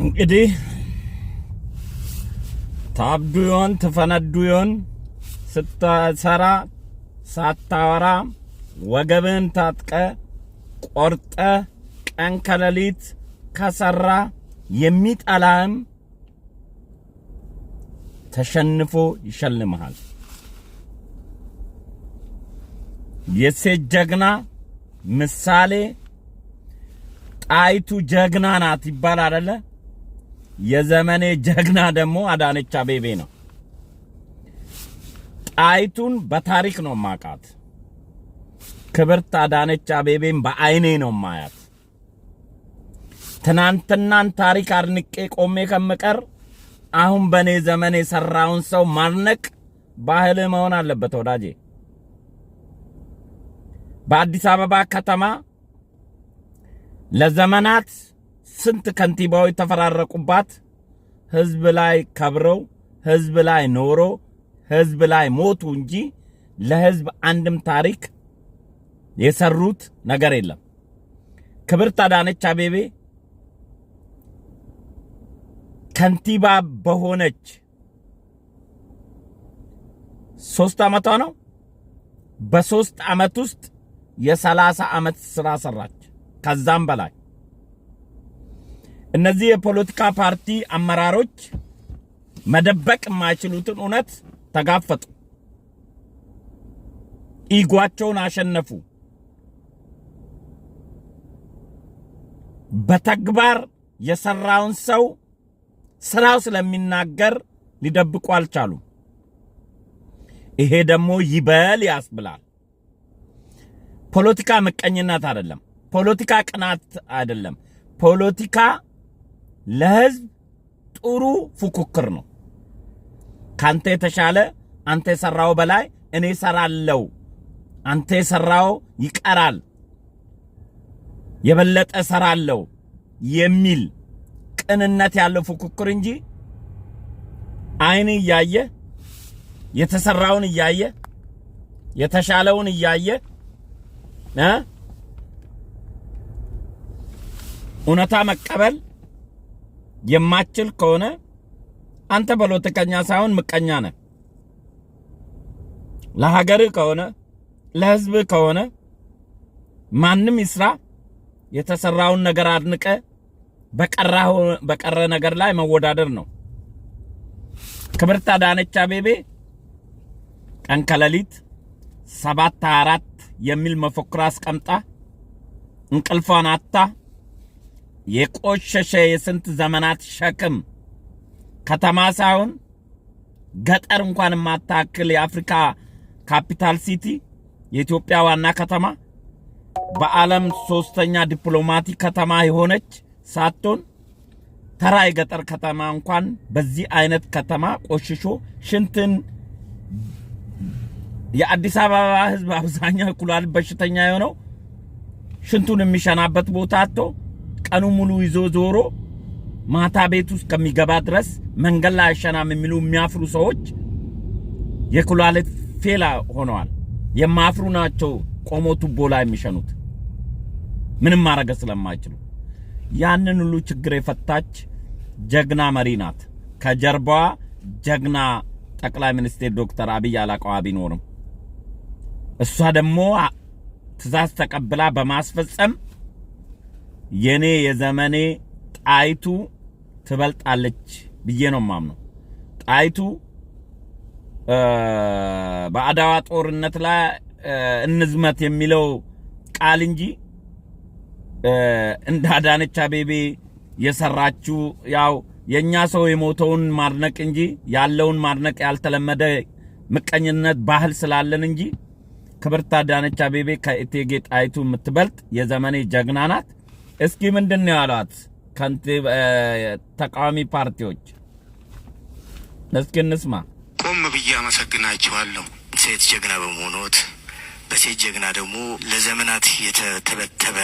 እንግዲህ ታብዱ ይሆን ትፈነዱ ይሆን ስትሰራ ሳታወራ ወገብን ታጥቀ ቆርጠ ቀን ከሌሊት ከሰራ የሚጠላህም ተሸንፎ ይሸልምሃል። የሴት ጀግና ምሳሌ ጣይቱ ጀግና ናት ይባል አይደለ? የዘመኔ ጀግና ደግሞ አዳነች አቤቤ ነው። ጣይቱን በታሪክ ነው ማቃት። ክብርት አዳነች አቤቤን በአይኔ ነው ማያት። ትናንትናን ታሪክ አድንቄ ቆሜ ከምቀር አሁን በእኔ ዘመን የሰራውን ሰው ማድነቅ ባህል መሆን አለበት ወዳጄ። በአዲስ አበባ ከተማ ለዘመናት ስንት ከንቲባዎች ተፈራረቁባት። ህዝብ ላይ ከብረው፣ ህዝብ ላይ ኖሮ፣ ህዝብ ላይ ሞቱ እንጂ ለህዝብ አንድም ታሪክ የሰሩት ነገር የለም። ክብርት አዳነች አቤቤ ከንቲባ በሆነች ሶስት ዓመቷ ነው። በሶስት ዓመት ውስጥ የሰላሳ ዓመት ስራ ሰራች ከዛም በላይ እነዚህ የፖለቲካ ፓርቲ አመራሮች መደበቅ የማይችሉትን እውነት ተጋፈጡ፣ ኢጓቸውን አሸነፉ። በተግባር የሰራውን ሰው ስራው ስለሚናገር ሊደብቁ አልቻሉም። ይሄ ደግሞ ይበል ያስብላል። ፖለቲካ ምቀኝነት አይደለም። ፖለቲካ ቅናት አይደለም። ፖለቲካ ለህዝብ ጥሩ ፉክክር ነው። ካንተ የተሻለ አንተ የሰራው በላይ እኔ ሰራለው፣ አንተ የሰራው ይቀራል፣ የበለጠ ሰራለው የሚል ቅንነት ያለው ፉክክር እንጂ አይን እያየ የተሰራውን እያየ የተሻለውን እያየ እውነታ መቀበል የማችል ከሆነ አንተ ፖለቲከኛ ሳይሆን ምቀኛ ነህ። ለሀገርህ ከሆነ ለህዝብህ ከሆነ ማንም ይስራ የተሰራውን ነገር አድንቀ በቀረ ነገር ላይ መወዳደር ነው። ክብርት አዳነች አቤቤ ቀን ከሌሊት ሰባት አራት የሚል መፈክር አስቀምጣ እንቅልፏን አታ የቆሸሸ የስንት ዘመናት ሸክም ከተማ ሳይሆን ገጠር እንኳን የማታክል የአፍሪካ ካፒታል ሲቲ የኢትዮጵያ ዋና ከተማ በዓለም ሶስተኛ ዲፕሎማቲክ ከተማ የሆነች ሳትሆን ተራ የገጠር ከተማ እንኳን በዚህ አይነት ከተማ ቆሽሾ ሽንትን የአዲስ አበባ ሕዝብ አብዛኛው የኩላሊት በሽተኛ የሆነው ሽንቱን የሚሸናበት ቦታ አቶ ቀኑ ሙሉ ይዞ ዞሮ ማታ ቤት ውስጥ ከሚገባ ድረስ መንገድ ላይ አይሸናም የሚሉ የሚያፍሩ ሰዎች የኩላሊት ፌላ ሆነዋል። የማፍሩ ናቸው ቆሞ ቱቦ ላይ የሚሸኑት ምንም ማድረግ ስለማይችሉ። ያንን ሁሉ ችግር የፈታች ጀግና መሪ ናት። ከጀርባዋ ጀግና ጠቅላይ ሚኒስትር ዶክተር አብይ አለቃዋ ቢኖርም እሷ ደግሞ ትእዛዝ ተቀብላ በማስፈጸም የኔ የዘመኔ ጣይቱ ትበልጣለች ብዬ ነው ማምነው። ጣይቱ በአድዋ ጦርነት ላይ እንዝመት የሚለው ቃል እንጂ እንደ አዳነች አቤቤ የሰራችው ያው የእኛ ሰው የሞተውን ማድነቅ እንጂ ያለውን ማድነቅ ያልተለመደ ምቀኝነት ባህል ስላለን እንጂ ክብርት አዳነች አቤቤ ከእቴጌ ጣይቱ የምትበልጥ የዘመኔ ጀግና ናት። እስኪ ምንድን ነው ያሏት ተቃዋሚ ፓርቲዎች? እስኪ እንስማ። ቆም ብዬ አመሰግናችኋለሁ ሴት ጀግና በመሆኖት በሴት ጀግና ደግሞ ለዘመናት የተተበተበ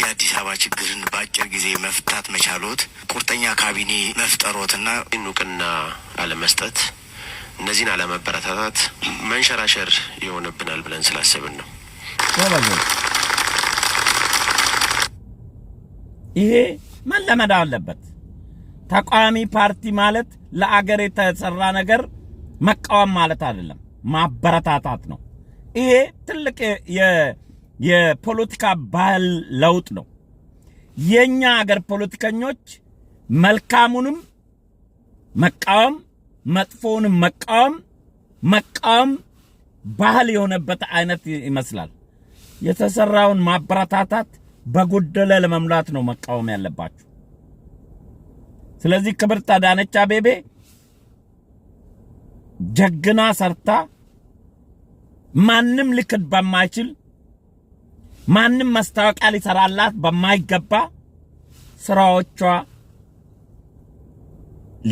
የአዲስ አበባ ችግርን በአጭር ጊዜ መፍታት መቻሎት ቁርጠኛ ካቢኔ መፍጠሮትና እውቅና አለመስጠት እነዚህን አለመበረታታት መንሸራሸር ይሆንብናል ብለን ስላሰብን ነው። ይሄ መለመድ አለበት። ተቃዋሚ ፓርቲ ማለት ለአገር የተሰራ ነገር መቃወም ማለት አይደለም፣ ማበረታታት ነው። ይሄ ትልቅ የፖለቲካ ባህል ለውጥ ነው። የኛ አገር ፖለቲከኞች መልካሙንም መቃወም፣ መጥፎውንም መቃወም መቃወም ባህል የሆነበት አይነት ይመስላል። የተሰራውን ማበረታታት በጎደለ ለመምላት ነው መቃወም ያለባችሁ። ስለዚህ ክብርት አዳነች አቤቤ ጀግና ሰርታ ማንም ልክድ በማይችል ማንም ማስታወቂያ ሊሰራላት በማይገባ ስራዎቿ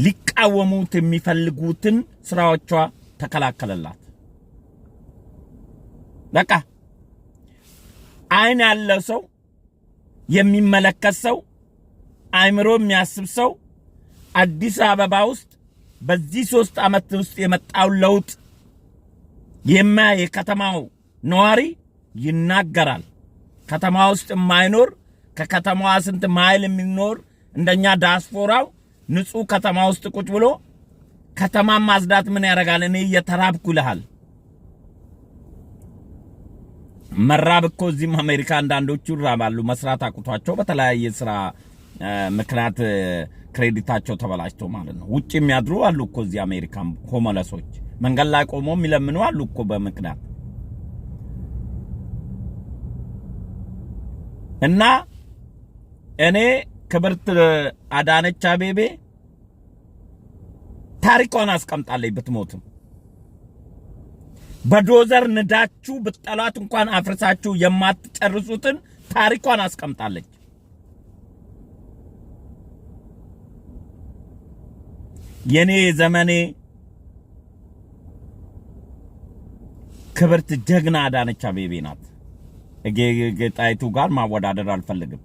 ሊቃወሙት የሚፈልጉትን ስራዎቿ ተከላከለላት። በቃ አይን ያለው ሰው የሚመለከት ሰው አእምሮ የሚያስብ ሰው አዲስ አበባ ውስጥ በዚህ ሶስት ዓመት ውስጥ የመጣው ለውጥ የማ የከተማው ነዋሪ ይናገራል። ከተማ ውስጥ የማይኖር ከከተማዋ ስንት ማይል የሚኖር እንደኛ ዳስፖራው ንጹህ ከተማ ውስጥ ቁጭ ብሎ ከተማ ማጽዳት ምን ያደርጋል? እኔ እየተራብኩ ይልሃል። መራብ እኮ እዚህም አሜሪካ አንዳንዶቹ ይራባሉ። መስራት አቁቷቸው በተለያየ ስራ ምክንያት ክሬዲታቸው ተበላሽቶ ማለት ነው። ውጭ የሚያድሩ አሉ እኮ እዚህ አሜሪካ ሆመለሶች መንገድ ላይ ቆሞ የሚለምኑ አሉ እኮ በምክንያት እና እኔ ክብርት አዳነች አቤቤ ታሪኳን አስቀምጣለች ብትሞትም በዶዘር ንዳችሁ ብጠሏት እንኳን አፍርሳችሁ የማትጨርሱትን ታሪኳን አስቀምጣለች። የኔ ዘመኔ ክብርት ጀግና አዳነች አቤቤ ናት። እቴጌ ጣይቱ ጋር ማወዳደር አልፈልግም።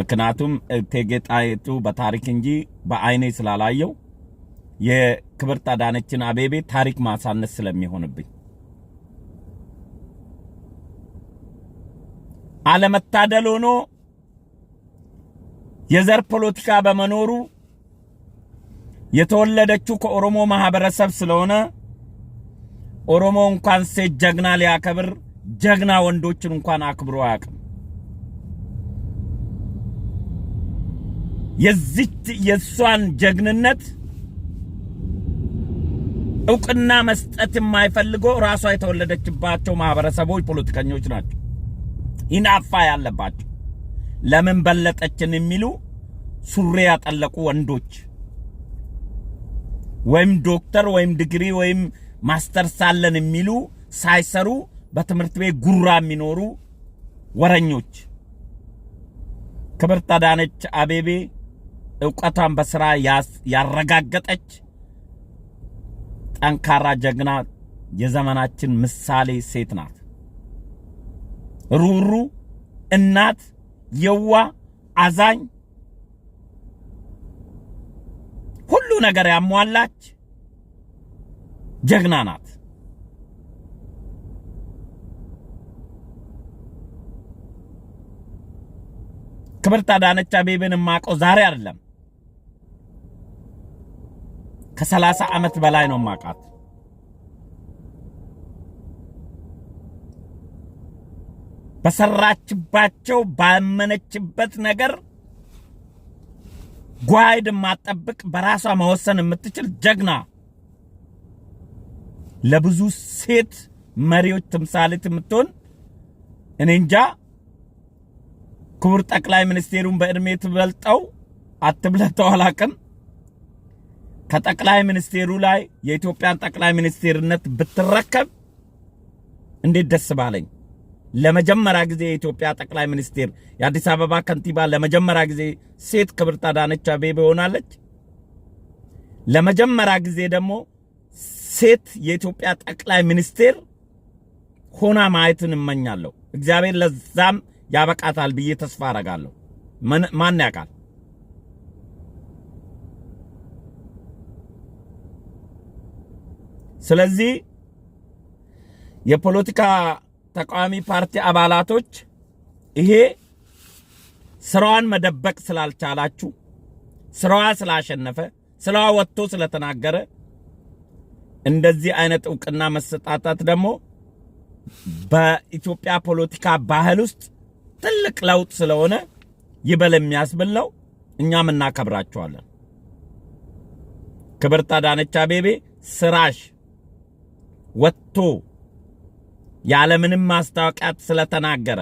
ምክንያቱም እቴጌ ጣይቱ በታሪክ እንጂ በአይኔ ስላላየው የክብርት አዳነችን አቤቤ ታሪክ ማሳነስ ስለሚሆንብኝ አለመታደል ሆኖ የዘር ፖለቲካ በመኖሩ የተወለደችው ከኦሮሞ ማህበረሰብ ስለሆነ ኦሮሞ እንኳን ሴት ጀግና ሊያከብር ጀግና ወንዶችን እንኳን አክብሮ አያውቅም። የዚች የእሷን ጀግንነት እውቅና መስጠት የማይፈልገው ራሷ የተወለደችባቸው ማህበረሰቦች ፖለቲከኞች ናቸው። ይናፋ ያለባቸው ለምን በለጠችን የሚሉ ሱሪ ያጠለቁ ወንዶች ወይም ዶክተር ወይም ዲግሪ ወይም ማስተርስ ሳለን የሚሉ ሳይሰሩ በትምህርት ቤት ጉራ የሚኖሩ ወረኞች። ክብርት አዳነች አቤቤ እውቀቷን በስራ ያረጋገጠች ጠንካራ ጀግና፣ የዘመናችን ምሳሌ ሴት ናት። ሩሩ፣ እናት፣ የዋ፣ አዛኝ፣ ሁሉ ነገር ያሟላች ጀግና ናት። ክብርት አዳነች አቤቤን የማውቀው ዛሬ አይደለም። ከሰላሳ ዓመት በላይ ነው ማቃት። በሰራችባቸው ባመነችበት ነገር ጓይድ ማጠብቅ በራሷ መወሰን የምትችል ጀግና ለብዙ ሴት መሪዎች ትምሳሌት የምትሆን እኔ እንጃ። ክቡር ጠቅላይ ሚኒስቴሩን በእድሜ ትበልጠው አትብለጠው አላቅም። ከጠቅላይ ሚኒስቴሩ ላይ የኢትዮጵያን ጠቅላይ ሚኒስቴርነት ብትረከብ እንዴት ደስ ባለኝ። ለመጀመሪያ ጊዜ የኢትዮጵያ ጠቅላይ ሚኒስቴር የአዲስ አበባ ከንቲባ ለመጀመሪያ ጊዜ ሴት ክብርት አዳነች አቤቤ ሆናለች። ለመጀመሪያ ጊዜ ደግሞ ሴት የኢትዮጵያ ጠቅላይ ሚኒስቴር ሆና ማየትን እመኛለሁ። እግዚአብሔር ለዛም ያበቃታል ብዬ ተስፋ አረጋለሁ። ማን ያውቃል? ስለዚህ የፖለቲካ ተቃዋሚ ፓርቲ አባላቶች ይሄ ስራዋን መደበቅ ስላልቻላችሁ ስራዋ ስላሸነፈ ስራዋ ወጥቶ ስለተናገረ እንደዚህ አይነት እውቅና መሰጣጣት ደግሞ በኢትዮጵያ ፖለቲካ ባህል ውስጥ ትልቅ ለውጥ ስለሆነ ይበል የሚያስብል ነው። እኛም እናከብራቸዋለን። ክብርት አዳነች አቤቤ ስራሽ ወጥቶ ያለምንም ማስታወቂያ ስለተናገረ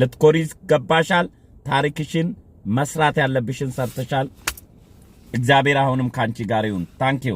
ልትኮሪ ገባሻል። ታሪክሽን መስራት ያለብሽን ሰርተሻል። እግዚአብሔር አሁንም ካንቺ ጋር ይሁን። ታንኪዩ